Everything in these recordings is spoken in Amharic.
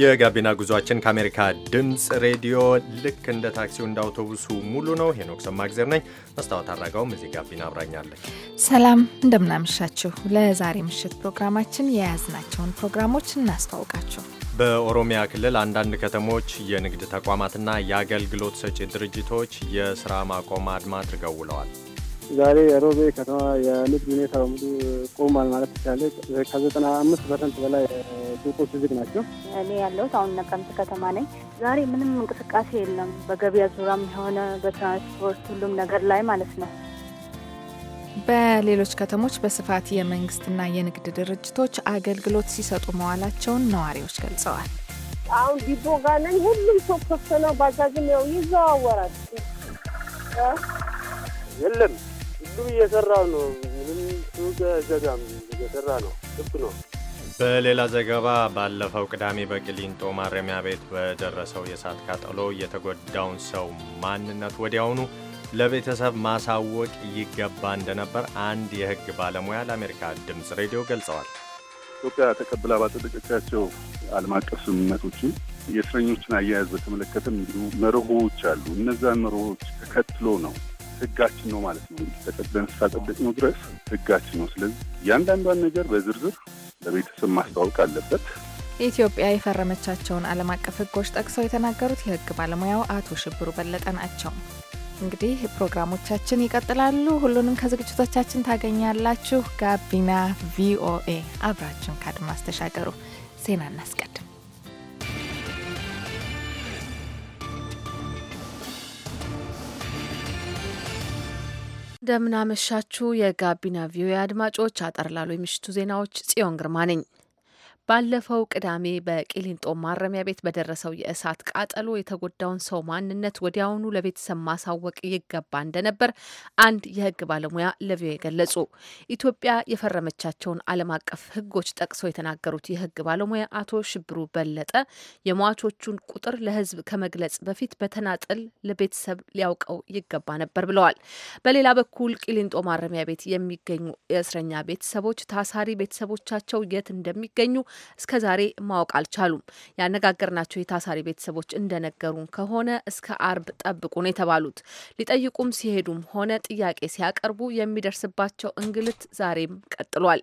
የጋቢና ጉዟችን ከአሜሪካ ድምፅ ሬዲዮ ልክ እንደ ታክሲው እንደ አውቶቡሱ ሙሉ ነው። ሄኖክ ሰማግዜር ነኝ። መስታወት አድራጋውም እዚህ ጋቢና አብራኛለች። ሰላም እንደምናመሻችሁ። ለዛሬ ምሽት ፕሮግራማችን የያዝናቸውን ፕሮግራሞች እናስተዋውቃችሁ። በኦሮሚያ ክልል አንዳንድ ከተሞች የንግድ ተቋማትና የአገልግሎት ሰጪ ድርጅቶች የስራ ማቆም አድማ አድርገው ውለዋል። ዛሬ የሮቤ ከተማ የንግድ ሁኔታ በሙሉ ቆሟል ማለት ይቻላል። ከዘጠና አምስት ፐርሰንት በላይ ሱቆች ዝግ ናቸው። እኔ ያለሁት አሁን ነቀምት ከተማ ነኝ። ዛሬ ምንም እንቅስቃሴ የለም፣ በገበያ ዙሪያም የሆነ በትራንስፖርት ሁሉም ነገር ላይ ማለት ነው። በሌሎች ከተሞች በስፋት የመንግስትና የንግድ ድርጅቶች አገልግሎት ሲሰጡ መዋላቸውን ነዋሪዎች ገልጸዋል። አሁን ዲቦ ጋር ነኝ። ሁሉም ሰው ክፍት ነው። ባጃጅም ያው ይዘዋወራል። የለም ሁሉም እየሰራ ነው። ምንም ሱቅ ዘጋም እየሰራ ነው። ልብ ነው። በሌላ ዘገባ ባለፈው ቅዳሜ በቅሊንጦ ማረሚያ ቤት በደረሰው የእሳት ቃጠሎ የተጎዳውን ሰው ማንነት ወዲያውኑ ለቤተሰብ ማሳወቅ ይገባ እንደነበር አንድ የሕግ ባለሙያ ለአሜሪካ ድምፅ ሬዲዮ ገልጸዋል። ኢትዮጵያ ተቀብላ ባጸደቀቻቸው ዓለም አቀፍ ስምምነቶችን የእስረኞችን አያያዝ በተመለከተም እንዲሁ መርሆዎች አሉ። እነዛን መርሆዎች ተከትሎ ነው ህጋችን ነው ማለት ነው። ተቀብለን እስካጸደቅ ነው ድረስ ህጋችን ነው። ስለዚህ እያንዳንዷን ነገር በዝርዝር ለቤተሰብ ማስተዋወቅ አለበት። ኢትዮጵያ የፈረመቻቸውን ዓለም አቀፍ ህጎች ጠቅሰው የተናገሩት የህግ ባለሙያው አቶ ሽብሩ በለጠ ናቸው። እንግዲህ ፕሮግራሞቻችን ይቀጥላሉ። ሁሉንም ከዝግጅቶቻችን ታገኛላችሁ። ጋቢና ቪኦኤ አብራችን ከአድማስ ተሻገሩ። ዜና እናስቀድም። እንደምናመሻችሁ የጋቢና ቪዮኤ አድማጮች፣ አጠር ላሉ የምሽቱ ዜናዎች ጽዮን ግርማ ነኝ። ባለፈው ቅዳሜ በቂሊንጦ ማረሚያ ቤት በደረሰው የእሳት ቃጠሎ የተጎዳውን ሰው ማንነት ወዲያውኑ ለቤተሰብ ማሳወቅ ይገባ እንደነበር አንድ የሕግ ባለሙያ ለቪኦኤ ገለጹ። ኢትዮጵያ የፈረመቻቸውን ዓለም አቀፍ ሕጎች ጠቅሰው የተናገሩት የሕግ ባለሙያ አቶ ሽብሩ በለጠ የሟቾቹን ቁጥር ለሕዝብ ከመግለጽ በፊት በተናጠል ለቤተሰብ ሊያውቀው ይገባ ነበር ብለዋል። በሌላ በኩል ቂሊንጦ ማረሚያ ቤት የሚገኙ የእስረኛ ቤተሰቦች ታሳሪ ቤተሰቦቻቸው የት እንደሚገኙ እስከ ዛሬ ማወቅ አልቻሉም። ያነጋገርናቸው የታሳሪ ቤተሰቦች እንደነገሩን ከሆነ እስከ አርብ ጠብቁ ነው የተባሉት። ሊጠይቁም ሲሄዱም ሆነ ጥያቄ ሲያቀርቡ የሚደርስባቸው እንግልት ዛሬም ቀጥሏል።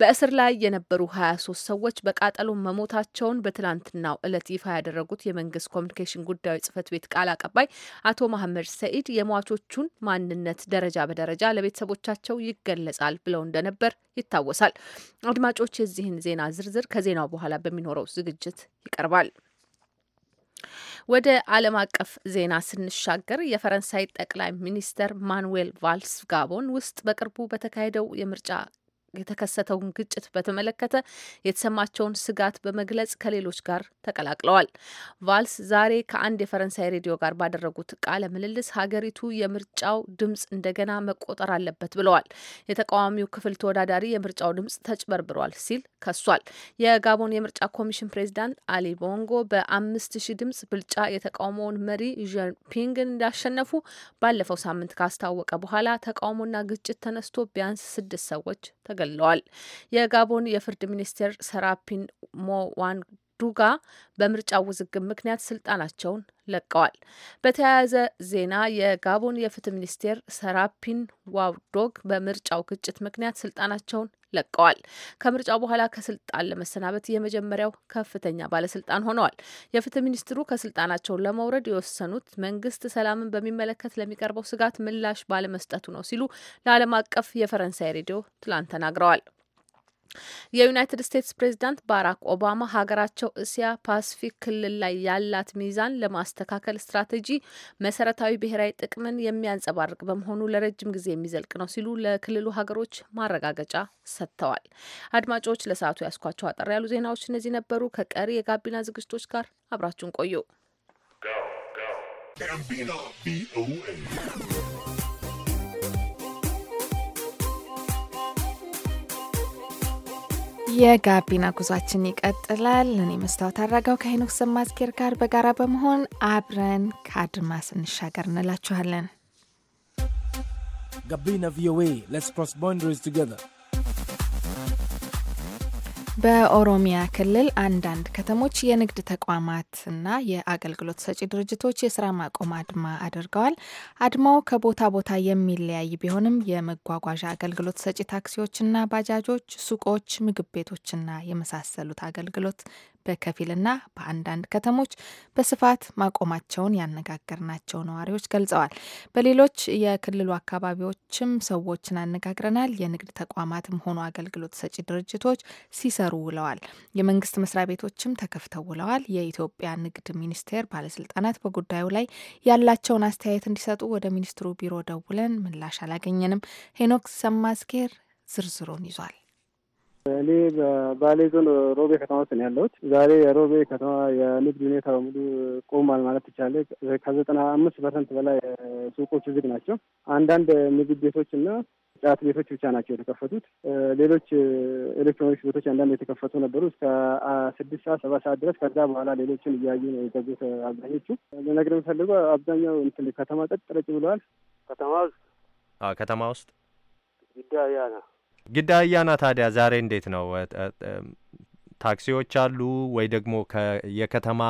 በእስር ላይ የነበሩ 23 ሰዎች በቃጠሎ መሞታቸውን በትላንትናው እለት ይፋ ያደረጉት የመንግስት ኮሚኒኬሽን ጉዳዮች ጽህፈት ቤት ቃል አቀባይ አቶ መሐመድ ሰኢድ የሟቾቹን ማንነት ደረጃ በደረጃ ለቤተሰቦቻቸው ይገለጻል ብለው እንደነበር ይታወሳል። አድማጮች የዚህን ዜና ዝርዝር ከዜናው በኋላ በሚኖረው ዝግጅት ይቀርባል። ወደ ዓለም አቀፍ ዜና ስንሻገር የፈረንሳይ ጠቅላይ ሚኒስተር ማኑዌል ቫልስ ጋቦን ውስጥ በቅርቡ በተካሄደው የምርጫ የተከሰተውን ግጭት በተመለከተ የተሰማቸውን ስጋት በመግለጽ ከሌሎች ጋር ተቀላቅለዋል። ቫልስ ዛሬ ከአንድ የፈረንሳይ ሬዲዮ ጋር ባደረጉት ቃለ ምልልስ ሀገሪቱ የምርጫው ድምፅ እንደገና መቆጠር አለበት ብለዋል። የተቃዋሚው ክፍል ተወዳዳሪ የምርጫው ድምፅ ተጭበርብሯል ሲል ከሷል። የጋቦን የምርጫ ኮሚሽን ፕሬዚዳንት አሊ ቦንጎ በአምስት ሺህ ድምፅ ብልጫ የተቃውሞውን መሪ ዣን ፒንግን እንዳሸነፉ ባለፈው ሳምንት ካስታወቀ በኋላ ተቃውሞና ግጭት ተነስቶ ቢያንስ ስድስት ሰዎች ተገልለዋል። የጋቦን የፍርድ ሚኒስቴር ሰራፒን ሞዋን ዱጋ በምርጫው ውዝግብ ምክንያት ስልጣናቸውን ለቀዋል። በተያያዘ ዜና የጋቦን የፍትህ ሚኒስቴር ሰራፒን ዋውዶግ በምርጫው ግጭት ምክንያት ስልጣናቸውን ለቀዋል። ከምርጫው በኋላ ከስልጣን ለመሰናበት የመጀመሪያው ከፍተኛ ባለስልጣን ሆነዋል። የፍትህ ሚኒስትሩ ከስልጣናቸውን ለመውረድ የወሰኑት መንግስት ሰላምን በሚመለከት ለሚቀርበው ስጋት ምላሽ ባለመስጠቱ ነው ሲሉ ለዓለም አቀፍ የፈረንሳይ ሬዲዮ ትላንት ተናግረዋል። የዩናይትድ ስቴትስ ፕሬዚዳንት ባራክ ኦባማ ሀገራቸው እስያ ፓስፊክ ክልል ላይ ያላት ሚዛን ለማስተካከል ስትራቴጂ መሰረታዊ ብሔራዊ ጥቅምን የሚያንጸባርቅ በመሆኑ ለረጅም ጊዜ የሚዘልቅ ነው ሲሉ ለክልሉ ሀገሮች ማረጋገጫ ሰጥተዋል። አድማጮች፣ ለሰዓቱ ያስኳቸው አጠር ያሉ ዜናዎች እነዚህ ነበሩ። ከቀሪ የጋቢና ዝግጅቶች ጋር አብራችሁን ቆዩ። የጋቢና ጉዟችን ይቀጥላል። እኔ መስታወት አድራጋው ከሄኖክ ሰማዝጌር ጋር በጋራ በመሆን አብረን ከአድማስ እንሻገር እንላችኋለን። ጋቢና ቪኦኤ ሌትስ ክሮስ ባውንደሪስ ቱጌዘር በኦሮሚያ ክልል አንዳንድ ከተሞች የንግድ ተቋማትና የአገልግሎት ሰጪ ድርጅቶች የስራ ማቆም አድማ አድርገዋል። አድማው ከቦታ ቦታ የሚለያይ ቢሆንም የመጓጓዣ አገልግሎት ሰጪ ታክሲዎችና ባጃጆች፣ ሱቆች፣ ምግብ ቤቶችና የመሳሰሉት አገልግሎት በከፊልና በአንዳንድ ከተሞች በስፋት ማቆማቸውን ያነጋገርናቸው ነዋሪዎች ገልጸዋል። በሌሎች የክልሉ አካባቢዎችም ሰዎችን አነጋግረናል። የንግድ ተቋማትም ሆኑ አገልግሎት ሰጪ ድርጅቶች ሲሰሩ ውለዋል። የመንግስት መስሪያ ቤቶችም ተከፍተው ውለዋል። የኢትዮጵያ ንግድ ሚኒስቴር ባለስልጣናት በጉዳዩ ላይ ያላቸውን አስተያየት እንዲሰጡ ወደ ሚኒስትሩ ቢሮ ደውለን ምላሽ አላገኘንም። ሄኖክ ሰማስጌር ዝርዝሩን ይዟል። እኔ በባሌ ዞን ሮቤ ከተማ ውስጥ ነው ያለሁት። ዛሬ የሮቤ ከተማ የንግድ ሁኔታ በሙሉ ቆሟል ማለት ይቻላል። ከዘጠና አምስት ፐርሰንት በላይ ሱቆች ዝግ ናቸው። አንዳንድ ምግብ ቤቶች እና ጫት ቤቶች ብቻ ናቸው የተከፈቱት። ሌሎች ኤሌክትሮኒክስ ቤቶች አንዳንድ የተከፈቱ ነበሩ እስከ ስድስት ሰዓት ሰባት ሰዓት ድረስ። ከዛ በኋላ ሌሎችን እያዩ ነው የገቡት አብዛኞቹ ልነግርህ የምፈልገው አብዛኛው እንትን ከተማ ጠጥ ጥረጭ ብለዋል። ከተማ ውስጥ ከተማ ውስጥ ግዳያ ነው ግዳ አያና ታዲያ ዛሬ እንዴት ነው? ታክሲዎች አሉ ወይ? ደግሞ የከተማ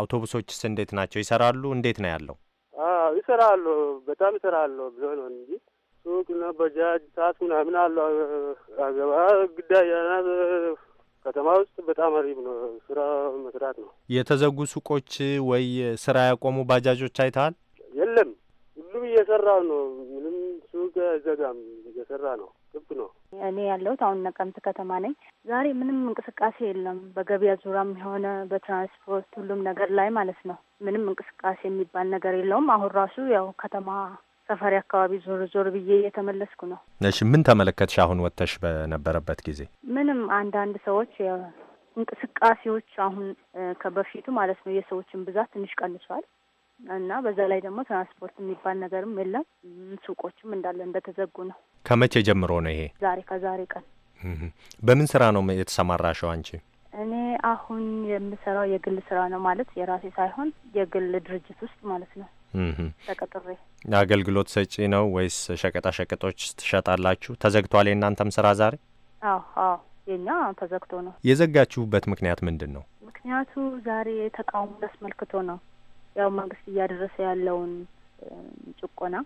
አውቶቡሶችስ እንዴት ናቸው? ይሰራሉ? እንዴት ነው ያለው? ይሰራሉ፣ በጣም ይሰራሉ ብሎ ነው እንጂ ሱቅና በጃጅ ሰዓት ምናምን አለው አገባ ግዳ አያና ከተማ ውስጥ በጣም አሪፍ ነው። ስራ መስራት ነው። የተዘጉ ሱቆች ወይ ስራ ያቆሙ ባጃጆች አይተሃል? የለም፣ ሁሉም እየሰራ ነው። ምንም ሱቅ አይዘጋም፣ እየሰራ ነው። ግብ ነው። እኔ ያለሁት አሁን ነቀምት ከተማ ነኝ። ዛሬ ምንም እንቅስቃሴ የለም። በገበያ ዙሪያም የሆነ በትራንስፖርት ሁሉም ነገር ላይ ማለት ነው። ምንም እንቅስቃሴ የሚባል ነገር የለውም። አሁን ራሱ ያው ከተማ ሰፈሪ አካባቢ ዞር ዞር ብዬ እየተመለስኩ ነው። እሺ ምን ተመለከትሽ? አሁን ወጥተሽ በነበረበት ጊዜ ምንም አንዳንድ ሰዎች እንቅስቃሴዎች አሁን ከበፊቱ ማለት ነው የሰዎችን ብዛት ትንሽ ቀንሷል። እና በዛ ላይ ደግሞ ትራንስፖርት የሚባል ነገርም የለም። ሱቆችም እንዳለ እንደተዘጉ ነው። ከመቼ ጀምሮ ነው ይሄ? ዛሬ ከዛሬ ቀን። በምን ስራ ነው የተሰማራሸው አንቺ? እኔ አሁን የምሰራው የግል ስራ ነው ማለት የራሴ ሳይሆን የግል ድርጅት ውስጥ ማለት ነው ተቀጥሬ። አገልግሎት ሰጪ ነው ወይስ ሸቀጣ ሸቀጦች ትሸጣላችሁ? ተዘግቷል የእናንተም ስራ ዛሬ? አዎ አዎ፣ የኛ ተዘግቶ ነው። የዘጋችሁበት ምክንያት ምንድን ነው? ምክንያቱ ዛሬ ተቃውሞ አስመልክቶ ነው። ያው መንግስት እያደረሰ ያለውን ጭቆና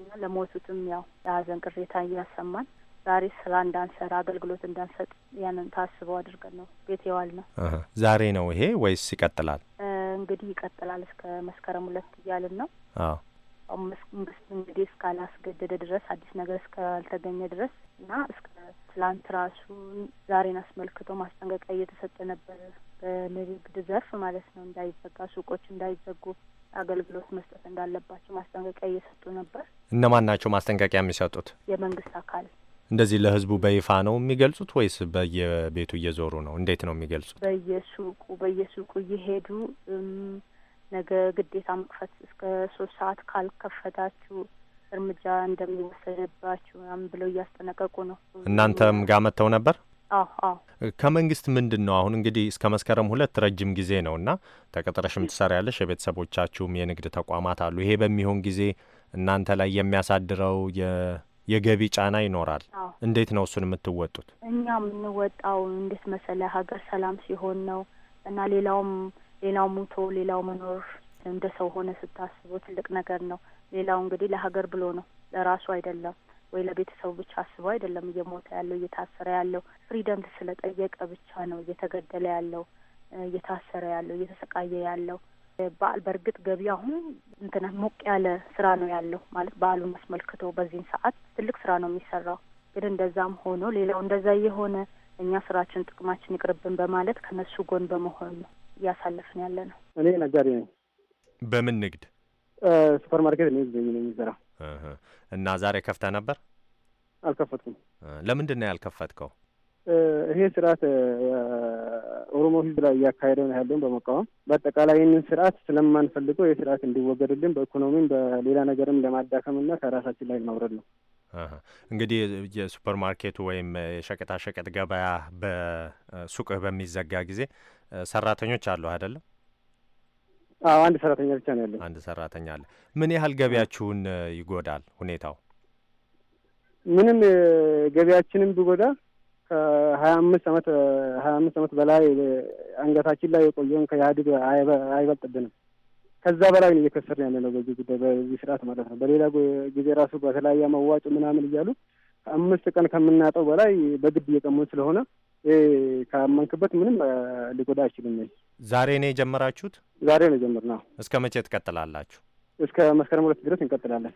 እና ለሞቱትም ያው የሀዘን ቅሬታ እያሰማን ዛሬ ስራ እንዳንሰራ አገልግሎት እንዳንሰጥ ያንን ታስበው አድርገን ነው ቤት የዋል ነው። ዛሬ ነው ይሄ ወይስ ይቀጥላል? እንግዲህ ይቀጥላል እስከ መስከረም ሁለት እያልን ነው። አዎ መንግስት እንግዲህ እስካላስገደደ ድረስ አዲስ ነገር እስካልተገኘ ድረስ እና እስከ ትላንት ራሱ ዛሬን አስመልክቶ ማስጠንቀቂያ እየተሰጠ ነበር፣ በንግድ ዘርፍ ማለት ነው። እንዳይዘጋ ሱቆች እንዳይዘጉ አገልግሎት መስጠት እንዳለባቸው ማስጠንቀቂያ እየሰጡ ነበር። እነማን ናቸው ማስጠንቀቂያ የሚሰጡት? የመንግስት አካል እንደዚህ ለህዝቡ በይፋ ነው የሚገልጹት ወይስ በየቤቱ እየዞሩ ነው? እንዴት ነው የሚገልጹት? በየሱቁ በየሱቁ እየሄዱ ነገ ግዴታ መክፈት እስከ ሶስት ሰዓት ካልከፈታችሁ እርምጃ እንደሚወሰድባቸው ምናምን ብለው እያስጠነቀቁ ነው። እናንተም ጋ መጥተው ነበር? ከመንግስት ምንድን ነው አሁን እንግዲህ እስከ መስከረም ሁለት ረጅም ጊዜ ነው እና ተቀጥረሽም ትሰሪያለሽ፣ የቤተሰቦቻችሁም የንግድ ተቋማት አሉ። ይሄ በሚሆን ጊዜ እናንተ ላይ የሚያሳድረው የገቢ ጫና ይኖራል። እንዴት ነው እሱን የምትወጡት? እኛ የምንወጣው እንዴት መሰለ፣ ሀገር ሰላም ሲሆን ነው እና ሌላውም ሌላው ሙቶ ሌላው መኖር እንደ ሰው ሆነ ስታስበው ትልቅ ነገር ነው። ሌላው እንግዲህ ለሀገር ብሎ ነው ለራሱ አይደለም ወይ ለቤተሰቡ ብቻ አስበው አይደለም እየሞተ ያለው እየታሰረ ያለው ፍሪደም ስለጠየቀ ብቻ ነው እየተገደለ ያለው እየታሰረ ያለው እየተሰቃየ ያለው በዓል በእርግጥ ገቢ አሁን እንትና ሞቅ ያለ ስራ ነው ያለው ማለት በዓሉን አስመልክቶ በዚህን ሰዓት ትልቅ ስራ ነው የሚሰራው። ግን እንደዛም ሆኖ ሌላው እንደዛ የሆነ እኛ ስራችን ጥቅማችን ይቅርብን በማለት ከነሱ ጎን በመሆን ነው እያሳለፍን ያለ ነው። እኔ ነጋዴ ነኝ። በምን ንግድ? ሱፐር ማርኬት ነው ይዘኝ ነው የሚሰራው። እና ዛሬ ከፍተ ነበር? አልከፈትኩም። ለምንድን ነው ያልከፈትከው? ይሄ ስርዓት ኦሮሞ ህዝብ ላይ እያካሄደው ነው ያለውን በመቃወም በአጠቃላይ ይህንን ስርዓት ስለማንፈልገው ይህ ስርዓት እንዲወገድልን በኢኮኖሚም በሌላ ነገርም ለማዳከምና ከራሳችን ላይ ማውረድ ነው። እንግዲህ የሱፐር ማርኬቱ ወይም የሸቀጣሸቀጥ ገበያ በሱቅህ በሚዘጋ ጊዜ ሰራተኞች አሉ አይደለም? አዎ አንድ ሰራተኛ ብቻ ነው ያለው። አንድ ሰራተኛ አለ። ምን ያህል ገቢያችሁን ይጎዳል ሁኔታው? ምንም ገቢያችንም ቢጎዳ ከሀያ አምስት አመት ሀያ አምስት አመት በላይ አንገታችን ላይ የቆየውን ከኢህአዴግ አይበልጥብንም። ከዛ በላይ ነው እየከሰርን ያለ ነው በዚህ ጉዳይ በዚህ ስርዓት ማለት ነው። በሌላ ጊዜ ራሱ በተለያየ መዋጮ ምናምን እያሉ አምስት ቀን ከምናጠው በላይ በግድ እየቀሙን ስለሆነ ካመንክበት ምንም ሊጎዳ አይችልም። ዛሬ ነው የጀመራችሁት? ዛሬ ነው የጀመርነው። እስከ መቼ ትቀጥላላችሁ? እስከ መስከረም ሁለት ድረስ እንቀጥላለን።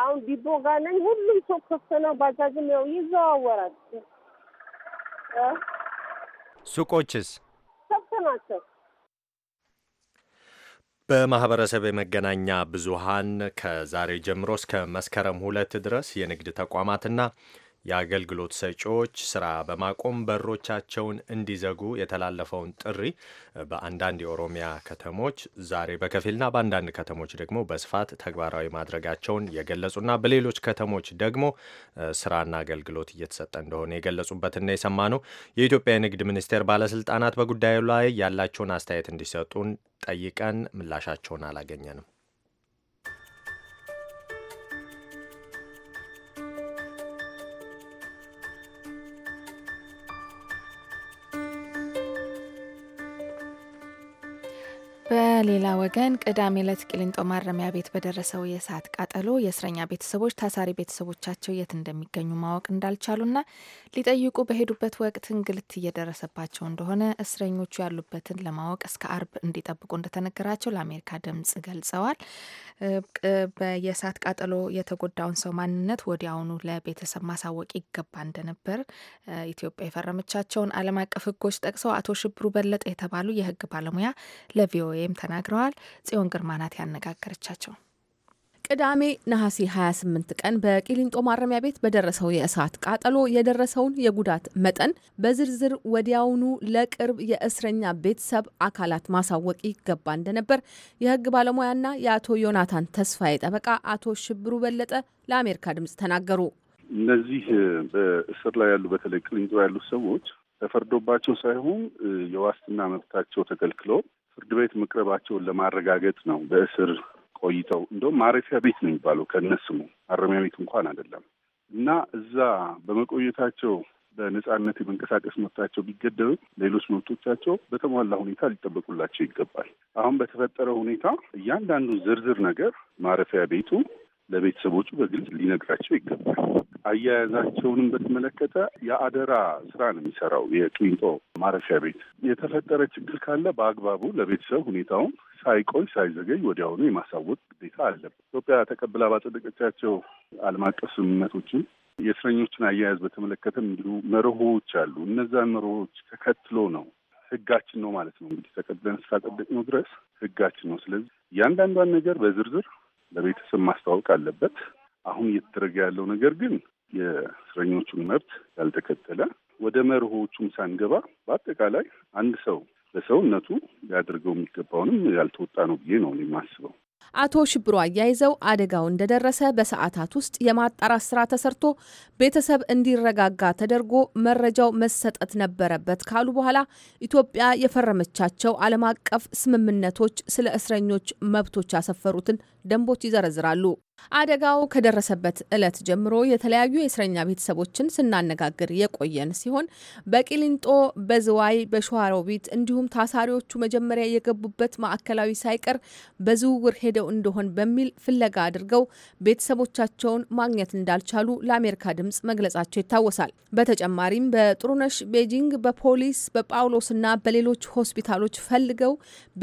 አሁን ዲቦ ጋ ነኝ። ሁሉም ሰው ክፍት ነው። ባጃጅም ያው ይዘዋወራል። ሱቆችስ ክፍት ናቸው። በማህበረሰብ የመገናኛ ብዙሃን ከዛሬ ጀምሮ እስከ መስከረም ሁለት ድረስ የንግድ ተቋማትና የአገልግሎት ሰጪዎች ስራ በማቆም በሮቻቸውን እንዲዘጉ የተላለፈውን ጥሪ በአንዳንድ የኦሮሚያ ከተሞች ዛሬ በከፊልና በአንዳንድ ከተሞች ደግሞ በስፋት ተግባራዊ ማድረጋቸውን የገለጹና በሌሎች ከተሞች ደግሞ ስራና አገልግሎት እየተሰጠ እንደሆነ የገለጹበትና የሰማነው የኢትዮጵያ የንግድ ሚኒስቴር ባለስልጣናት በጉዳዩ ላይ ያላቸውን አስተያየት እንዲሰጡን ጠይቀን ምላሻቸውን አላገኘንም። በሌላ ወገን ቅዳሜ ዕለት ቂሊንጦ ማረሚያ ቤት በደረሰው የእሳት ቃጠሎ የእስረኛ ቤተሰቦች ታሳሪ ቤተሰቦቻቸው የት እንደሚገኙ ማወቅ እንዳልቻሉና ሊጠይቁ በሄዱበት ወቅት እንግልት እየደረሰባቸው እንደሆነ እስረኞቹ ያሉበትን ለማወቅ እስከ አርብ እንዲጠብቁ እንደተነገራቸው ለአሜሪካ ድምጽ ገልጸዋል። የእሳት ቃጠሎ የተጎዳውን ሰው ማንነት ወዲያውኑ ለቤተሰብ ማሳወቅ ይገባ እንደነበር ኢትዮጵያ የፈረመቻቸውን ዓለም አቀፍ ሕጎች ጠቅሰው አቶ ሽብሩ በለጠ የተባሉ የህግ ባለሙያ ለቪኦኤም ተናግረዋል። ጽዮን ግርማ ናት ያነጋገረቻቸው። ቅዳሜ ነሐሴ 28 ቀን በቂሊንጦ ማረሚያ ቤት በደረሰው የእሳት ቃጠሎ የደረሰውን የጉዳት መጠን በዝርዝር ወዲያውኑ ለቅርብ የእስረኛ ቤተሰብ አካላት ማሳወቅ ይገባ እንደነበር የሕግ ባለሙያና የአቶ ዮናታን ተስፋዬ ጠበቃ አቶ ሽብሩ በለጠ ለአሜሪካ ድምጽ ተናገሩ። እነዚህ በእስር ላይ ያሉ በተለይ ቂሊንጦ ያሉት ሰዎች ተፈርዶባቸው ሳይሆን የዋስትና መብታቸው ተከልክሎ ፍርድ ቤት መቅረባቸውን ለማረጋገጥ ነው። በእስር ቆይተው እንደውም ማረፊያ ቤት ነው የሚባለው ከነስሙ ማረሚያ ቤት እንኳን አይደለም እና እዛ በመቆየታቸው በነጻነት የመንቀሳቀስ መብታቸው ቢገደብም ሌሎች መብቶቻቸው በተሟላ ሁኔታ ሊጠበቁላቸው ይገባል። አሁን በተፈጠረው ሁኔታ እያንዳንዱ ዝርዝር ነገር ማረፊያ ቤቱ ለቤተሰቦቹ በግልጽ ሊነግራቸው ይገባል። አያያዛቸውንም በተመለከተ የአደራ ስራ ነው የሚሰራው የቂሊንጦ ማረፊያ ቤት። የተፈጠረ ችግር ካለ በአግባቡ ለቤተሰብ ሁኔታውን ሳይቆይ ሳይዘገይ ወዲያውኑ የማሳወቅ ግዴታ አለብን። ኢትዮጵያ ተቀብላ ባጸደቀቻቸው ዓለም አቀፍ ስምምነቶችን የእስረኞችን አያያዝ በተመለከተም እንዲሁ መርሆዎች አሉ። እነዛን መርሆዎች ተከትሎ ነው ህጋችን ነው ማለት ነው እንግዲህ ተቀብለን እስካጸደቅነው ድረስ ህጋችን ነው። ስለዚህ እያንዳንዷን ነገር በዝርዝር ለቤተሰብ ማስተዋወቅ አለበት። አሁን እየተደረገ ያለው ነገር ግን የእስረኞቹን መብት ያልተከተለ ወደ መርሆቹም ሳንገባ በአጠቃላይ አንድ ሰው ለሰውነቱ ሊያደርገው የሚገባውንም ያልተወጣ ነው ብዬ ነው የማስበው። አቶ ሽብሮ አያይዘው አደጋው እንደደረሰ በሰዓታት ውስጥ የማጣራት ስራ ተሰርቶ ቤተሰብ እንዲረጋጋ ተደርጎ መረጃው መሰጠት ነበረበት ካሉ በኋላ ኢትዮጵያ የፈረመቻቸው ዓለም አቀፍ ስምምነቶች ስለ እስረኞች መብቶች ያሰፈሩትን ደንቦች ይዘረዝራሉ። አደጋው ከደረሰበት ዕለት ጀምሮ የተለያዩ የእስረኛ ቤተሰቦችን ስናነጋግር የቆየን ሲሆን በቂሊንጦ፣ በዝዋይ፣ በሸዋሮቢት እንዲሁም ታሳሪዎቹ መጀመሪያ የገቡበት ማዕከላዊ ሳይቀር በዝውውር ሄደው እንደሆን በሚል ፍለጋ አድርገው ቤተሰቦቻቸውን ማግኘት እንዳልቻሉ ለአሜሪካ ድምጽ መግለጻቸው ይታወሳል። በተጨማሪም በጥሩነሽ ቤጂንግ፣ በፖሊስ በጳውሎስና በሌሎች ሆስፒታሎች ፈልገው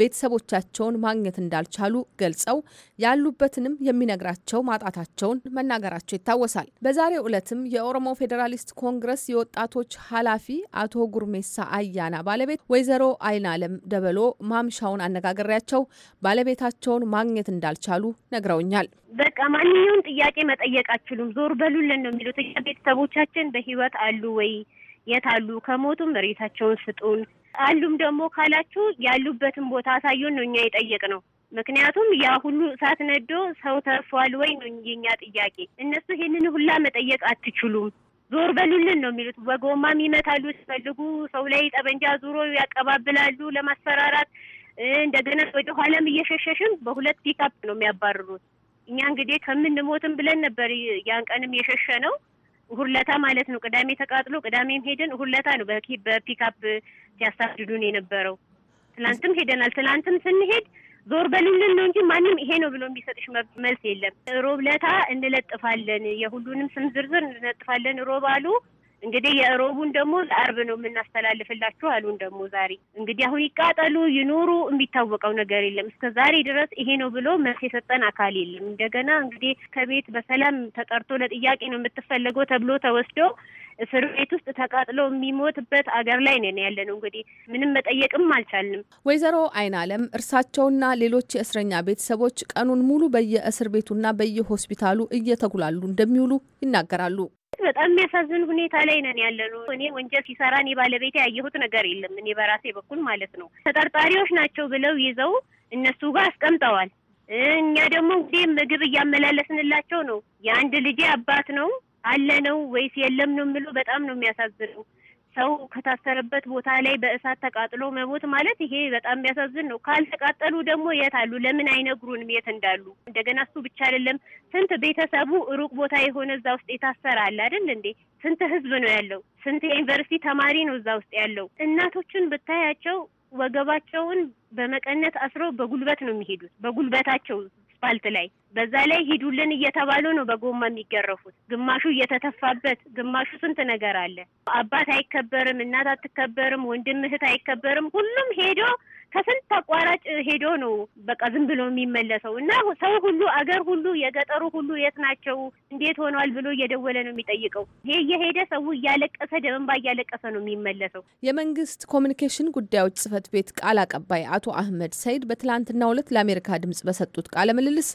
ቤተሰቦቻቸውን ማግኘት እንዳልቻሉ ገልጸው ያሉበትንም የሚነግራቸው ስራቸው ማጣታቸውን መናገራቸው ይታወሳል። በዛሬው ዕለትም የኦሮሞ ፌዴራሊስት ኮንግረስ የወጣቶች ኃላፊ አቶ ጉርሜሳ አያና ባለቤት ወይዘሮ አይናለም ደበሎ ማምሻውን አነጋገሪያቸው ባለቤታቸውን ማግኘት እንዳልቻሉ ነግረውኛል። በቃ ማንኛውም ጥያቄ መጠየቅ አችሉም፣ ዞር በሉልን ነው የሚሉት። ቤተሰቦቻችን በህይወት አሉ ወይ? የት አሉ? ከሞቱም መሬታቸውን ስጡን አሉም ደግሞ ካላችሁ ያሉበትን ቦታ አሳዩን ነው እኛ የጠየቅ ነው ምክንያቱም ያ ሁሉ እሳት ነዶ ሰው ተርፏል ወይ ነው የኛ ጥያቄ። እነሱ ይህንን ሁላ መጠየቅ አትችሉም፣ ዞር በሉልን ነው የሚሉት። በጎማም ይመታሉ ሲፈልጉ፣ ሰው ላይ ጠበንጃ ዙሮ ያቀባብላሉ ለማስፈራራት። እንደገና ወደ ኋላም እየሸሸሽም በሁለት ፒካፕ ነው የሚያባርሩት። እኛ እንግዲህ ከምንሞትም ብለን ነበር ያን ቀንም የሸሸ ነው ሁለታ ማለት ነው። ቅዳሜ ተቃጥሎ ቅዳሜም ሄደን ሁለታ ነው በፒካፕ ሲያሳድዱን የነበረው። ትናንትም ሄደናል። ትላንትም ስንሄድ ዞር በልልን ነው እንጂ ማንም ይሄ ነው ብሎ የሚሰጥሽ መልስ የለም። ሮብ ለታ እንለጥፋለን፣ የሁሉንም ስም ዝርዝር እንለጥፋለን ሮብ አሉ። እንግዲህ የሮቡን ደግሞ ለአርብ ነው የምናስተላልፍላችሁ አሉን። ደግሞ ዛሬ እንግዲህ አሁን ይቃጠሉ ይኑሩ የሚታወቀው ነገር የለም። እስከ ዛሬ ድረስ ይሄ ነው ብሎ መልስ የሰጠን አካል የለም። እንደገና እንግዲህ ከቤት በሰላም ተጠርቶ ለጥያቄ ነው የምትፈለገው ተብሎ ተወስዶ እስር ቤት ውስጥ ተቃጥሎ የሚሞትበት አገር ላይ ነን ያለ ነው። እንግዲህ ምንም መጠየቅም አልቻልንም። ወይዘሮ አይን አለም እርሳቸውና ሌሎች የእስረኛ ቤተሰቦች ቀኑን ሙሉ በየእስር ቤቱና በየሆስፒታሉ እየተጉላሉ እንደሚውሉ ይናገራሉ። በጣም የሚያሳዝን ሁኔታ ላይ ነን ያለ ነው። እኔ ወንጀል ሲሰራ እኔ ባለቤቴ ያየሁት ነገር የለም። እኔ በራሴ በኩል ማለት ነው። ተጠርጣሪዎች ናቸው ብለው ይዘው እነሱ ጋር አስቀምጠዋል። እኛ ደግሞ እንግዲህ ምግብ እያመላለስንላቸው ነው። የአንድ ልጄ አባት ነው አለ ነው ወይስ የለም ነው የምሉ። በጣም ነው የሚያሳዝነው። ሰው ከታሰረበት ቦታ ላይ በእሳት ተቃጥሎ መሞት ማለት ይሄ በጣም የሚያሳዝን ነው። ካልተቃጠሉ ደግሞ የት አሉ? ለምን አይነግሩንም የት እንዳሉ? እንደገና እሱ ብቻ አይደለም፣ ስንት ቤተሰቡ ሩቅ ቦታ የሆነ እዛ ውስጥ የታሰረ አለ አይደል እንዴ? ስንት ህዝብ ነው ያለው? ስንት የዩኒቨርሲቲ ተማሪ ነው እዛ ውስጥ ያለው? እናቶችን ብታያቸው ወገባቸውን በመቀነት አስረው በጉልበት ነው የሚሄዱት፣ በጉልበታቸው አስፋልት ላይ በዛ ላይ ሂዱልን እየተባሉ ነው በጎማ የሚገረፉት። ግማሹ እየተተፋበት፣ ግማሹ ስንት ነገር አለ። አባት አይከበርም፣ እናት አትከበርም፣ ወንድም እህት አይከበርም። ሁሉም ሄዶ ከስንት አቋራጭ ሄዶ ነው በቃ ዝም ብሎ የሚመለሰው እና ሰው ሁሉ አገር ሁሉ የገጠሩ ሁሉ የት ናቸው እንዴት ሆነዋል ብሎ እየደወለ ነው የሚጠይቀው። ይሄ እየሄደ ሰው እያለቀሰ ደም እያለቀሰ ነው የሚመለሰው። የመንግስት ኮሚኒኬሽን ጉዳዮች ጽህፈት ቤት ቃል አቀባይ አቶ አህመድ ሰይድ በትላንትናው ዕለት ለአሜሪካ ድምጽ በሰጡት ቃለ ምልልስ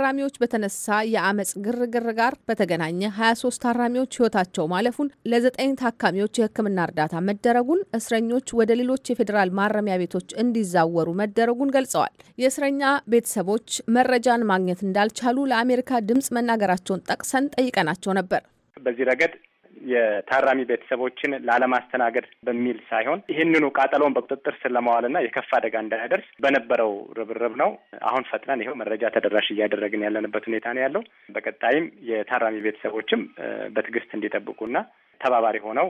ታራሚዎች በተነሳ የአመፅ ግርግር ጋር በተገናኘ 23 ታራሚዎች ህይወታቸው ማለፉን፣ ለዘጠኝ ታካሚዎች የህክምና እርዳታ መደረጉን፣ እስረኞች ወደ ሌሎች የፌዴራል ማረሚያ ቤቶች እንዲዛወሩ መደረጉን ገልጸዋል። የእስረኛ ቤተሰቦች መረጃን ማግኘት እንዳልቻሉ ለአሜሪካ ድምፅ መናገራቸውን ጠቅሰን ጠይቀናቸው ነበር። በዚህ ረገድ የታራሚ ቤተሰቦችን ላለማስተናገድ በሚል ሳይሆን ይህንኑ ቃጠሎውን በቁጥጥር ስር ለማዋልና የከፍ አደጋ እንዳያደርስ በነበረው ርብርብ ነው። አሁን ፈጥነን ይኸው መረጃ ተደራሽ እያደረግን ያለንበት ሁኔታ ነው ያለው። በቀጣይም የታራሚ ቤተሰቦችም በትዕግስት እንዲጠብቁና ተባባሪ ሆነው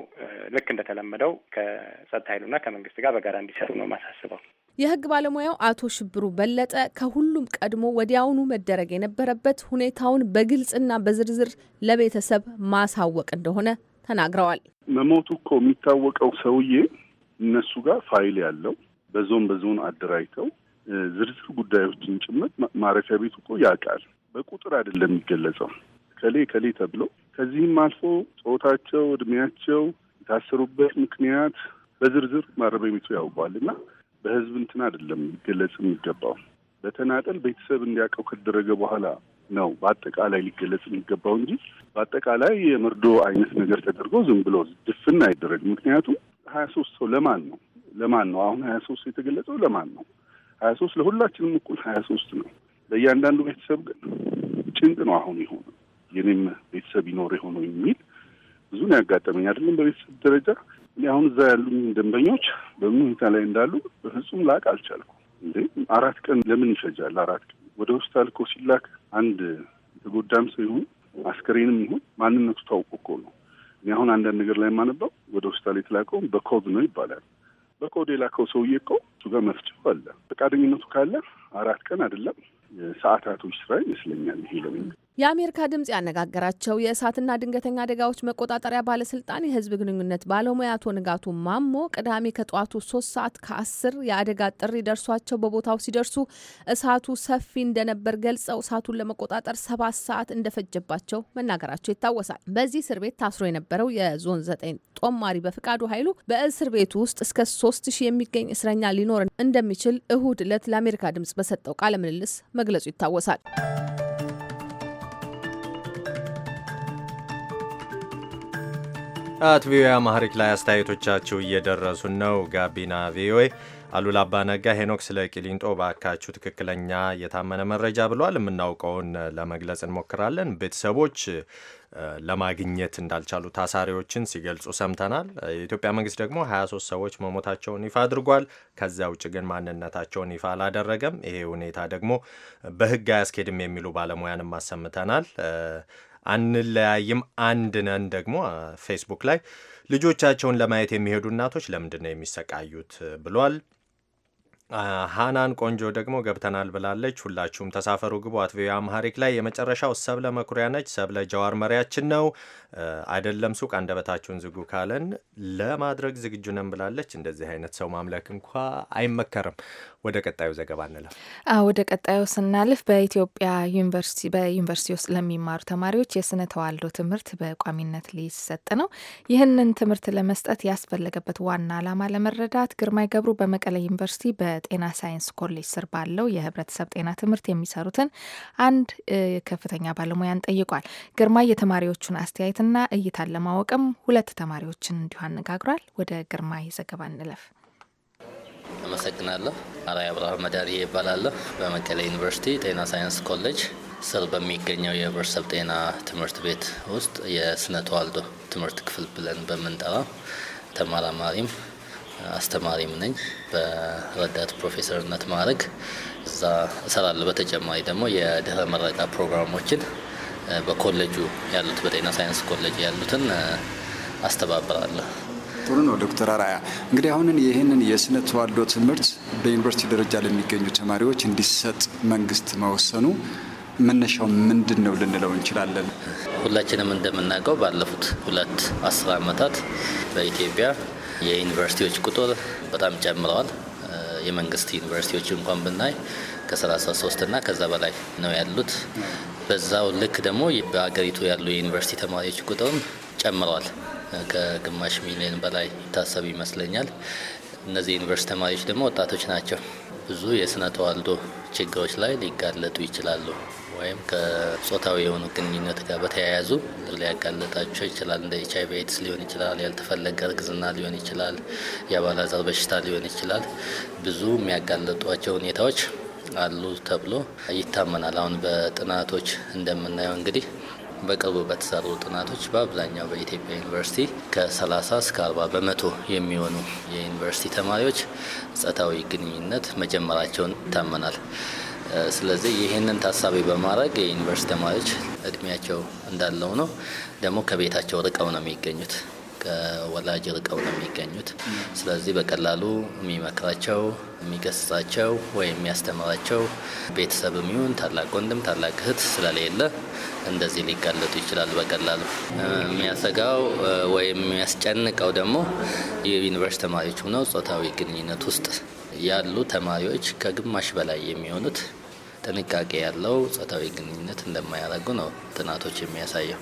ልክ እንደተለመደው ከጸጥታ ኃይሉና ከመንግስት ጋር በጋራ እንዲሰሩ ነው ማሳስበው። የህግ ባለሙያው አቶ ሽብሩ በለጠ ከሁሉም ቀድሞ ወዲያውኑ መደረግ የነበረበት ሁኔታውን በግልጽና በዝርዝር ለቤተሰብ ማሳወቅ እንደሆነ ተናግረዋል። መሞቱ እኮ የሚታወቀው ሰውዬ እነሱ ጋር ፋይል ያለው በዞን በዞን አደራጅተው ዝርዝር ጉዳዮችን ጭምር ማረፊያ ቤቱ እኮ ያውቃል። በቁጥር አይደለም የሚገለጸው ከሌ ከሌ ተብሎ ከዚህም አልፎ ጾታቸው፣ እድሜያቸው፣ የታሰሩበት ምክንያት በዝርዝር ማረሚያ ቤቱ ያውቋል እና በህዝብ እንትን አይደለም ሊገለጽ የሚገባው በተናጠል ቤተሰብ እንዲያውቀው ከተደረገ በኋላ ነው በአጠቃላይ ሊገለጽ የሚገባው እንጂ በአጠቃላይ የመርዶ አይነት ነገር ተደርጎ ዝም ብሎ ድፍን አይደረግ። ምክንያቱም ሀያ ሶስት ሰው ለማን ነው ለማን ነው አሁን ሀያ ሶስት የተገለጸው ለማን ነው? ሀያ ሶስት ለሁላችንም እኩል ሀያ ሶስት ነው። ለእያንዳንዱ ቤተሰብ ግን ጭንቅ ነው። አሁን የሆነ የኔም ቤተሰብ ይኖር የሆነው የሚል ብዙ ነው ያጋጠመኝ። አይደለም በቤተሰብ ደረጃ አሁን እዛ ያሉኝ ደንበኞች በምን ሁኔታ ላይ እንዳሉ በፍጹም ላቅ አልቻልኩ። እንዴ አራት ቀን ለምን ይፈጃል? አራት ቀን ወደ ሆስፒታል እኮ ሲላክ አንድ የተጎዳም ሰው ይሁን አስከሬንም ይሁን ማንነቱ ታውቆ እኮ ነው። እኔ አሁን አንዳንድ ነገር ላይ የማነባው ወደ ሆስፒታል የተላከውን በኮድ ነው ይባላል። በኮድ የላከው ሰውዬ እኮ እሱ ጋር መፍትሄው አለ። ፈቃደኝነቱ ካለ አራት ቀን አይደለም የሰዓታቶች ስራ ይመስለኛል ይሄ ለምን የአሜሪካ ድምጽ ያነጋገራቸው የእሳትና ድንገተኛ አደጋዎች መቆጣጠሪያ ባለስልጣን የህዝብ ግንኙነት ባለሙያ አቶ ንጋቱ ማሞ ቅዳሜ ከጠዋቱ ሶስት ሰዓት ከአስር የአደጋ ጥሪ ደርሷቸው በቦታው ሲደርሱ እሳቱ ሰፊ እንደነበር ገልጸው እሳቱን ለመቆጣጠር ሰባት ሰዓት እንደፈጀባቸው መናገራቸው ይታወሳል። በዚህ እስር ቤት ታስሮ የነበረው የዞን ዘጠኝ ጦማሪ በፍቃዱ ኃይሉ በእስር ቤቱ ውስጥ እስከ ሶስት ሺህ የሚገኝ እስረኛ ሊኖር እንደሚችል እሁድ ዕለት ለአሜሪካ ድምጽ በሰጠው ቃለ ምልልስ መግለጹ ይታወሳል። አት ቪኦኤ አማሪክ ላይ አስተያየቶቻችሁ እየደረሱን ነው። ጋቢና ቪኦኤ አሉላ አባነጋ ሄኖክ ስለ ቂሊንጦ ባካችሁ ትክክለኛ የታመነ መረጃ ብሏል። የምናውቀውን ለመግለጽ እንሞክራለን። ቤተሰቦች ለማግኘት እንዳልቻሉ ታሳሪዎችን ሲገልጹ ሰምተናል። የኢትዮጵያ መንግስት ደግሞ 23 ሰዎች መሞታቸውን ይፋ አድርጓል። ከዚያ ውጭ ግን ማንነታቸውን ይፋ አላደረገም። ይሄ ሁኔታ ደግሞ በህግ አያስኬድም የሚሉ ባለሙያንም አሰምተናል። አንለያይም አንድ ነን ደግሞ ፌስቡክ ላይ ልጆቻቸውን ለማየት የሚሄዱ እናቶች ለምንድን ነው የሚሰቃዩት ብሏል። ሃናን ቆንጆ ደግሞ ገብተናል ብላለች። ሁላችሁም ተሳፈሩ፣ ግቡ አትቪ አምሃሪክ ላይ የመጨረሻው ሰብለ መኩሪያ ነች። ሰብለ ጀዋር መሪያችን ነው። አይደለም ሱቅ አንደበታችሁን ዝጉ ካለን ለማድረግ ዝግጁ ነን ብላለች። እንደዚህ አይነት ሰው ማምለክ እንኳ አይመከርም። ወደ ቀጣዩ ዘገባ እንለፍ። ወደ ቀጣዩ ስናልፍ በኢትዮጵያ ዩኒቨርሲቲ በዩኒቨርሲቲ ውስጥ ለሚማሩ ተማሪዎች የስነ ተዋልዶ ትምህርት በቋሚነት ሊሰጥ ነው። ይህንን ትምህርት ለመስጠት ያስፈለገበት ዋና ዓላማ ለመረዳት ግርማይ ገብሩ በመቀለ ዩኒቨርሲቲ በ በጤና ሳይንስ ኮሌጅ ስር ባለው የህብረተሰብ ጤና ትምህርት የሚሰሩትን አንድ ከፍተኛ ባለሙያን ጠይቋል። ግርማ የተማሪዎቹን አስተያየትና እይታን ለማወቅም ሁለት ተማሪዎችን እንዲሁ አነጋግሯል። ወደ ግርማ ዘገባ እንለፍ። አመሰግናለሁ። አራይ አብርሃም መዳሪ ይባላለሁ። በመቀሌ ዩኒቨርሲቲ ጤና ሳይንስ ኮሌጅ ስር በሚገኘው የህብረተሰብ ጤና ትምህርት ቤት ውስጥ የስነ ተዋልዶ ትምህርት ክፍል ብለን በምንጠራው ተመራማሪም አስተማሪም ነኝ በረዳት ፕሮፌሰርነት ማድረግ እዛ እሰራለሁ። በተጨማሪ ደግሞ የድህረ መረቃ ፕሮግራሞችን በኮሌጁ ያሉት በጤና ሳይንስ ኮሌጅ ያሉትን አስተባብራለሁ። ጥሩ ነው ዶክተር አራያ እንግዲህ አሁንን ይህንን የስነ ተዋልዶ ትምህርት በዩኒቨርሲቲ ደረጃ ለሚገኙ ተማሪዎች እንዲሰጥ መንግስት መወሰኑ መነሻው ምንድን ነው ልንለው እንችላለን? ሁላችንም እንደምናውቀው ባለፉት ሁለት አስር ዓመታት በኢትዮጵያ የዩኒቨርሲቲዎች ቁጥር በጣም ጨምረዋል። የመንግስት ዩኒቨርሲቲዎች እንኳን ብናይ ከ33 እና ከዛ በላይ ነው ያሉት። በዛው ልክ ደግሞ በሀገሪቱ ያሉ የዩኒቨርሲቲ ተማሪዎች ቁጥርም ጨምረዋል። ከግማሽ ሚሊዮን በላይ ይታሰብ ይመስለኛል። እነዚህ ዩኒቨርሲቲ ተማሪዎች ደግሞ ወጣቶች ናቸው። ብዙ የስነ ተዋልዶ ችግሮች ላይ ሊጋለጡ ይችላሉ። ወይም ከጾታዊ የሆኑ ግንኙነት ጋር በተያያዙ ሊያጋለጣቸው ይችላል። እንደ ኤች አይ ቪ ኤድስ ሊሆን ይችላል፣ ያልተፈለገ እርግዝና ሊሆን ይችላል፣ የአባላዘር በሽታ ሊሆን ይችላል። ብዙ የሚያጋለጧቸው ሁኔታዎች አሉ ተብሎ ይታመናል። አሁን በጥናቶች እንደምናየው እንግዲህ በቅርቡ በተሰሩ ጥናቶች በአብዛኛው በኢትዮጵያ ዩኒቨርሲቲ ከ30 እስከ 40 በመቶ የሚሆኑ የዩኒቨርሲቲ ተማሪዎች ጾታዊ ግንኙነት መጀመራቸውን ይታመናል። ስለዚህ ይህንን ታሳቢ በማድረግ የዩኒቨርሲቲ ተማሪዎች እድሜያቸው እንዳለው ነው ደግሞ ከቤታቸው ርቀው ነው የሚገኙት ከወላጅ ርቀው ነው የሚገኙት። ስለዚህ በቀላሉ የሚመክራቸው፣ የሚገስጻቸው ወይም የሚያስተምራቸው ቤተሰብ ይሁን ታላቅ ወንድም፣ ታላቅ እህት ስለሌለ እንደዚህ ሊጋለጡ ይችላሉ በቀላሉ። የሚያሰጋው ወይም የሚያስጨንቀው ደግሞ የዩኒቨርስቲ ተማሪዎች ሆነው ጾታዊ ግንኙነት ውስጥ ያሉ ተማሪዎች ከግማሽ በላይ የሚሆኑት ጥንቃቄ ያለው ጾታዊ ግንኙነት እንደማያደርጉ ነው ጥናቶች የሚያሳየው።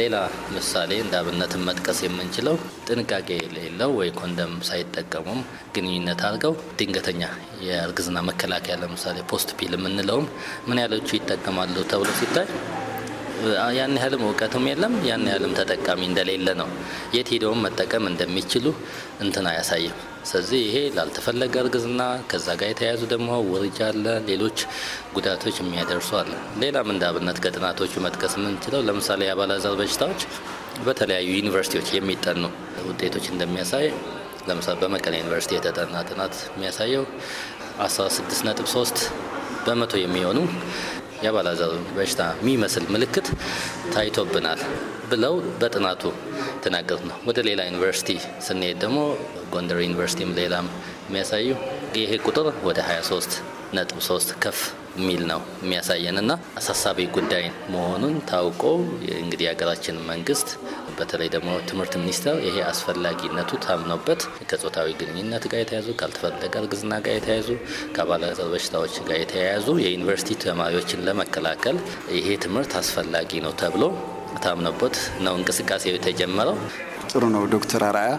ሌላ ምሳሌ እንደ አብነትን መጥቀስ የምንችለው ጥንቃቄ የሌለው ወይ ኮንደም ሳይጠቀሙም ግንኙነት አድርገው ድንገተኛ የእርግዝና መከላከያ ለምሳሌ ፖስት ፒል የምንለውም ምን ያህሎቹ ይጠቀማሉ ተብሎ ሲታይ ያን ያህልም እውቀትም የለም፣ ያን ያህልም ተጠቃሚ እንደሌለ ነው። የት ሄደውም መጠቀም እንደሚችሉ እንትን አያሳይም። ስለዚህ ይሄ ላልተፈለገ እርግዝና፣ ከዛ ጋር የተያያዙ ደግሞ ውርጃ አለ፣ ሌሎች ጉዳቶች የሚያደርሱ አለ። ሌላም እንደ አብነት ከጥናቶቹ መጥቀስ የምንችለው ለምሳሌ የአባላዘር በሽታዎች በተለያዩ ዩኒቨርሲቲዎች የሚጠኑ ውጤቶች እንደሚያሳይ ለምሳሌ በመቀሌ ዩኒቨርሲቲ የተጠና ጥናት የሚያሳየው 16.3 በመቶ የሚሆኑ የአባላዛሩን በሽታ የሚመስል ምልክት ታይቶብናል ብለው በጥናቱ ተናገሩ ነው። ወደ ሌላ ዩኒቨርሲቲ ስንሄድ ደግሞ ጎንደር ዩኒቨርሲቲም ሌላም የሚያሳዩ ይሄ ቁጥር ወደ 23 ነጥብ 3 ከፍ የሚል ነው የሚያሳየን እና አሳሳቢ ጉዳይ መሆኑን ታውቆ እንግዲህ የሀገራችን መንግስት በተለይ ደግሞ ትምህርት ሚኒስቴር ይሄ አስፈላጊነቱ ታምኖበት ከጾታዊ ግንኙነት ጋር የተያዙ ካልተፈለገ እርግዝና ጋር የተያዙ ከባለ በሽታዎች ጋር የተያያዙ የዩኒቨርሲቲ ተማሪዎችን ለመከላከል ይሄ ትምህርት አስፈላጊ ነው ተብሎ ታምኖበት ነው እንቅስቃሴ የተጀመረው። ጥሩ ነው ዶክተር አራያ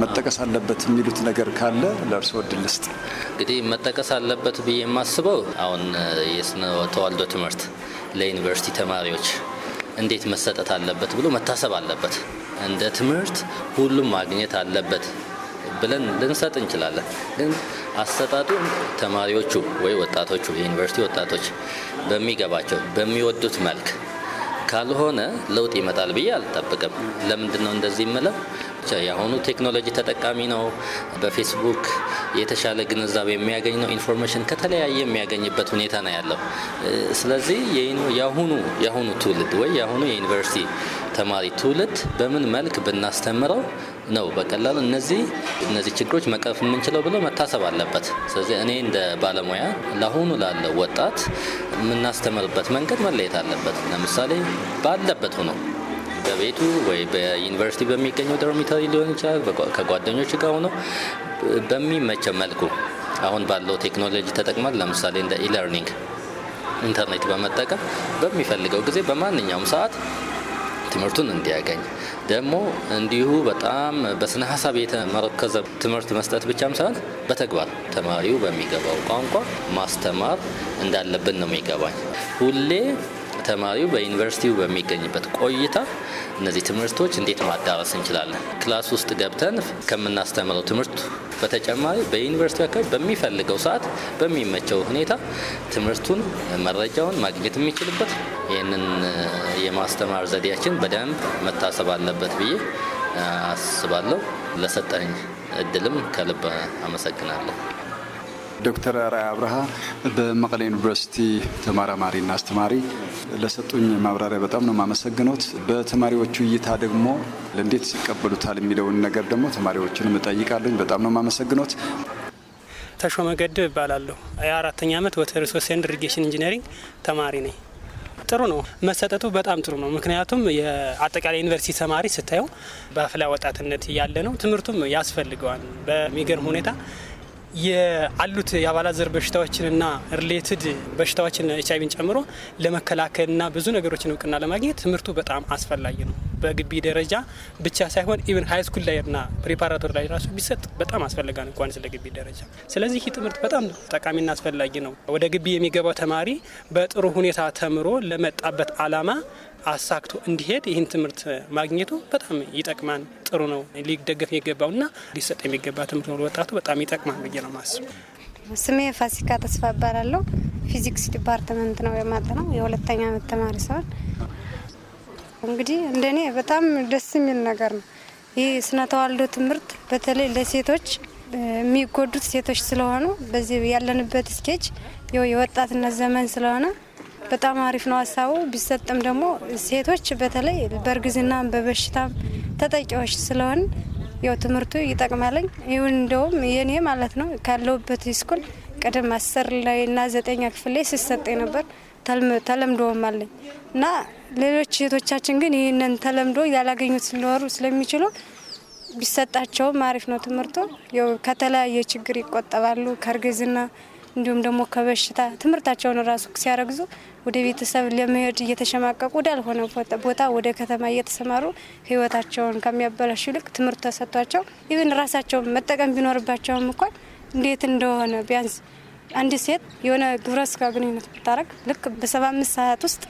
መጠቀስ አለበት የሚሉት ነገር ካለ ለእርስዎ እድል ስጥ። እንግዲህ መጠቀስ አለበት ብዬ የማስበው አሁን የስነ ተዋልዶ ትምህርት ለዩኒቨርሲቲ ተማሪዎች እንዴት መሰጠት አለበት ብሎ መታሰብ አለበት። እንደ ትምህርት ሁሉም ማግኘት አለበት ብለን ልንሰጥ እንችላለን። ግን አሰጣጡ ተማሪዎቹ ወይ ወጣቶቹ የዩኒቨርሲቲ ወጣቶች በሚገባቸው በሚወዱት መልክ ካልሆነ ለውጥ ይመጣል ብዬ አልጠብቅም። ለምንድን ነው እንደዚህ የምለው? የአሁኑ ቴክኖሎጂ ተጠቃሚ ነው። በፌስቡክ የተሻለ ግንዛቤ የሚያገኝ ነው። ኢንፎርሜሽን ከተለያየ የሚያገኝበት ሁኔታ ነው ያለው። ስለዚህ የአሁኑ የአሁኑ ትውልድ ወይ የአሁኑ የዩኒቨርሲቲ ተማሪ ትውልድ በምን መልክ ብናስተምረው ነው በቀላሉ እነዚህ እነዚህ ችግሮች መቀረፍ የምንችለው ብሎ መታሰብ አለበት። ስለዚህ እኔ እንደ ባለሙያ ለአሁኑ ላለው ወጣት የምናስተምርበት መንገድ መለየት አለበት። ለምሳሌ ባለበት ሆነው በቤቱ ወይ በዩኒቨርሲቲ በሚገኘው ዶርሚተሪ ሊሆን ይችላል። ከጓደኞች ጋር ሆኖ በሚመቸው መልኩ አሁን ባለው ቴክኖሎጂ ተጠቅሟል። ለምሳሌ እንደ ኢለርኒንግ ኢንተርኔት በመጠቀም በሚፈልገው ጊዜ በማንኛውም ሰዓት ትምህርቱን እንዲያገኝ ደግሞ እንዲሁ በጣም በስነ ሀሳብ የተመረከዘ ትምህርት መስጠት ብቻም ሳይሆን በተግባር ተማሪው በሚገባው ቋንቋ ማስተማር እንዳለብን ነው የሚገባኝ ሁሌ ተማሪው በዩኒቨርሲቲው በሚገኝበት ቆይታ እነዚህ ትምህርቶች እንዴት ማዳረስ እንችላለን፣ ክላስ ውስጥ ገብተን ከምናስተምረው ትምህርት በተጨማሪ በዩኒቨርሲቲ አካባቢ በሚፈልገው ሰዓት በሚመቸው ሁኔታ ትምህርቱን፣ መረጃውን ማግኘት የሚችልበት ይህንን የማስተማር ዘዴያችን በደንብ መታሰብ አለበት ብዬ አስባለሁ። ለሰጠኝ እድልም ከልብ አመሰግናለሁ። ዶክተር ራይ አብርሃ በመቀሌ ዩኒቨርሲቲ ተመራማሪና አስተማሪ ለሰጡኝ ማብራሪያ በጣም ነው የማመሰግኖት። በተማሪዎቹ እይታ ደግሞ እንዴት ይቀበሉታል የሚለውን ነገር ደግሞ ተማሪዎቹንም እጠይቃለኝ። በጣም ነው የማመሰግኖት። ተሾመ ገድብ እባላለሁ። የአራተኛ ዓመት ወተር ሪሶርስ ኤንድ ኢሪጌሽን ኢንጂነሪንግ ተማሪ ነኝ። ጥሩ ነው መሰጠቱ፣ በጣም ጥሩ ነው። ምክንያቱም የአጠቃላይ ዩኒቨርሲቲ ተማሪ ስታየው በአፍላ ወጣትነት ያለ ነው። ትምህርቱም ያስፈልገዋል በሚገርም ሁኔታ የአሉት የአባላት ዘር በሽታዎችንና ሪሌትድ በሽታዎችን ኤች አይቪን ጨምሮ ለመከላከልና ብዙ ነገሮችን እውቅና ለማግኘት ትምህርቱ በጣም አስፈላጊ ነው። በግቢ ደረጃ ብቻ ሳይሆን ኢቨን ሀይ ስኩል ላይና ፕሪፓራቶሪ ላይ ራሱ ቢሰጥ በጣም አስፈልጋ ነው እንኳን ስለ ግቢ ደረጃ። ስለዚህ ይህ ትምህርት በጣም ጠቃሚና አስፈላጊ ነው። ወደ ግቢ የሚገባው ተማሪ በጥሩ ሁኔታ ተምሮ ለመጣበት አላማ አሳክቶ እንዲሄድ ይህን ትምህርት ማግኘቱ በጣም ይጠቅማል። ጥሩ ነው፣ ሊደገፍ የገባውና ሊሰጥ የሚገባ ትምህርት ነው። ወጣቱ በጣም ይጠቅማል ብዬ ነው ማስቡ። ስሜ ፋሲካ ተስፋ እባላለሁ። ፊዚክስ ዲፓርትመንት ነው ነው የሁለተኛ ዓመት ተማሪ ሲሆን እንግዲህ እንደኔ በጣም ደስ የሚል ነገር ነው ይህ ስነ ተዋልዶ ትምህርት በተለይ ለሴቶች የሚጎዱት ሴቶች ስለሆኑ በዚህ ያለንበት ስቴጅ የወጣትነት ዘመን ስለሆነ በጣም አሪፍ ነው ሀሳቡ። ቢሰጥም ደግሞ ሴቶች በተለይ በእርግዝና በበሽታም ተጠቂዎች ስለሆን ያው ትምህርቱ ይጠቅማለኝ። ይሁን እንደውም የኔ ማለት ነው ካለውበት ስኩል ቀደም አስር ላይ እና ዘጠኛ ክፍል ላይ ስሰጠ ነበር ተለምዶም አለኝ እና ሌሎች ሴቶቻችን ግን ይህንን ተለምዶ ያላገኙት ሊኖሩ ስለሚችሉ ቢሰጣቸውም አሪፍ ነው ትምህርቱ። ከተለያየ ችግር ይቆጠባሉ ከእርግዝና እንዲሁም ደግሞ ከበሽታ ትምህርታቸውን ራሱ ሲያረግዙ ወደ ቤተሰብ ለመሄድ እየተሸማቀቁ ወዳልሆነ ቦታ ወደ ከተማ እየተሰማሩ ህይወታቸውን ከሚያበላሹ ይልቅ ትምህርት ተሰጥቷቸው ይህን ራሳቸውን መጠቀም ቢኖርባቸውም እንኳን እንዴት እንደሆነ ቢያንስ አንድ ሴት የሆነ ግብረ ስጋ ግንኙነት ብታረግ ልክ በሰባ አምስት ሰዓት ውስጥ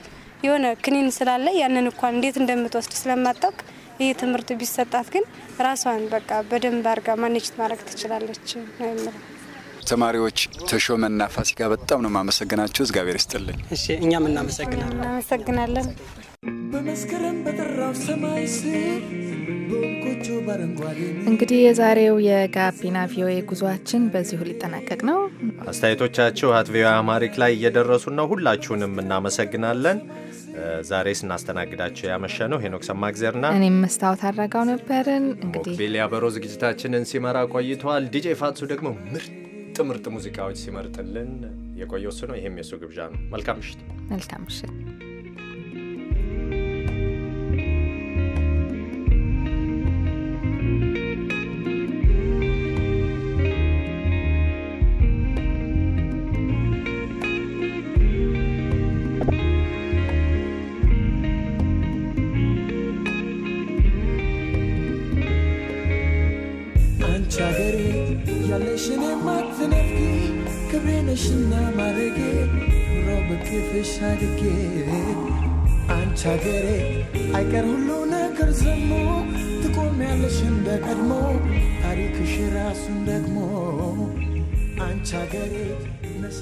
የሆነ ክኒን ስላለ ያንን እንኳን እንዴት እንደምትወስድ ስለማታውቅ ይህ ትምህርት ቢሰጣት ግን ራሷን በቃ በደንብ አርጋ ማኔጅት ማድረግ ትችላለች ነው የምለው። ተማሪዎች ተሾመና ፋሲካ በጣም ነው የማመሰግናቸው። እግዚአብሔር ይስጥልኝ። እሺ፣ እኛም እናመሰግናለን። እናመሰግናለን። በመስከረም በጠራው ሰማይ ስር እንግዲህ የዛሬው የጋቢና ቪኦኤ ጉዟችን በዚሁ ሊጠናቀቅ ነው። አስተያየቶቻችሁ አት ቪኦኤ አማሪክ ላይ እየደረሱን ነው። ሁላችሁንም እናመሰግናለን። ዛሬ ስናስተናግዳቸው ያመሸ ነው ሄኖክ ሰማግዜርና እኔም መስታወት አድረጋው ነበርን። እንግዲህ ቢሊያ በሮ ዝግጅታችንን ሲመራ ቆይተዋል። ዲጄ ፋትሱ ደግሞ ምርጥ ምርጥ ምርጥ ሙዚቃዎች ሲመርጥልን የቆየው እሱ ነው። ይሄም የእሱ ግብዣ ነው። መልካም ምሽት። መልካም ምሽት። ከልብሽ አድጌ አንቺ አገሬ አይቀር ሁሉ ነገር ዘሞ ትቆሚያለሽ እንደ ቀድሞ ታሪክሽ ራሱን ደግሞ አንቺ ሀገሬ ነሽ